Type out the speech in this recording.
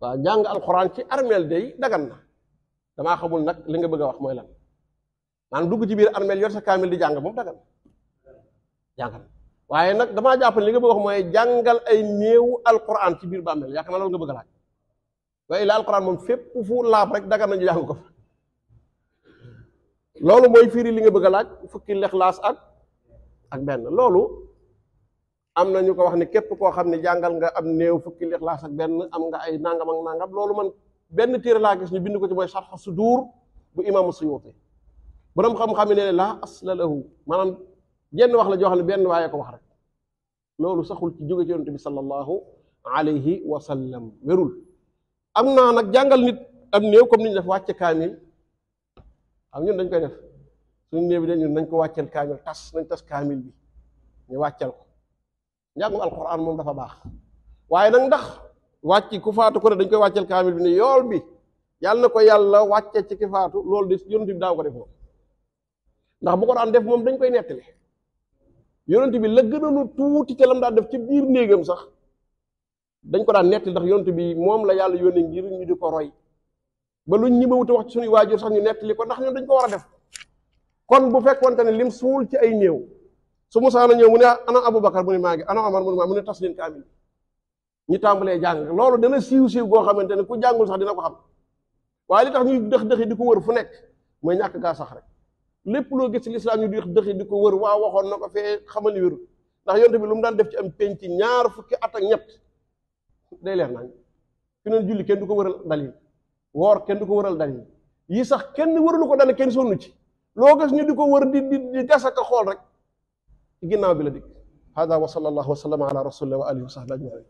wa jang alquran ci Armel day dagan na dama xamul nak li nga bëgg wax moy lan man dugg ci bir armel yor sa kamil di jang moom dagan jangal waye nak dama jàpp li nga bëgg wax moy jangal ay neewu alquran ci bir bamel yak na loolu nga bëgg laaj wa ila alquran mom fepp fu laap rek dagan nañu jang ko lolu moy firi li nga bëgg laaj fukki lexlaas ak ak ben lolu am na ñu ko wax ne képp koo xam ne jàngal nga am néew fukki lixlaas ak benn am nga ay nangam ak nangam loolu man benn téere laa gis ñu bind ko ci mooy sarx suduur bu imaamu suyuuti borom xam-xam ne laa asla lahu maanaam jenn wax la jox xam benn waaye ko wax rek loolu saxul ci jóge ci yonent bi sallallahu alayhi wa sallam wérul am naa nag jàngal nit am néew comme ni ñu def wàcce kaamil am ñun dañ koy def suñu néew bi dañ ñun nañ ko wàcceel kaamil tas nañ tas kaamil bi ñu wàccal ko njàngum alquran moom dafa baax waaye nag ndax wàcc ku faatu ko ne dañ koy wàcceel kaamil bi ne yool bi yàlla na ko yàlla wàcce ci ki faatu loolu de yonent bi daaw ko def moom ndax bu ko daan def moom dañ koy nettali yonent bi la gënoon a tuuti ca lam def ci biir néegam sax dañ ko daan nettali ndax yonent bi moom la yàlla yónnee ngir ñu di ko roy ba luñ ñi wuti wax ci suñuy waajur sax ñu nettali ko ndax ñun dañ ko war a def kon bu fekkonte ne lim suul ci ay néew su na ñew mu ne ana Aboubacar mu ne magi ana Omar mu ne mu ne tas leen kamil ñu tàmbalee jang loolu dana siiw siiw goo xamantene ku jangul sax dina ko xam waaye li tax ñuy dëx dëxi di ko wër fu nekk mooy ñàkk gaa sax rek lépp loo gis ci lislaam ñu di dëxi di ko wër waa waxoon na ko fee xamal ni wérul ndax yonte bi lu mu daan def ci am penc ñaar fukki at ak ñett day leer nañ fi noonu julli kenn du ko wëral dalil woor kenn du ko wëral dalil yi sax kenn wëralu ko dana kenn sonu ci loo gis ñu di ko wër di di di gas ak xool rek ci ginnaaw bi la dikk hada wa sallallahu wa sallama ala rasulillah wa alihi wa sahbi ajmain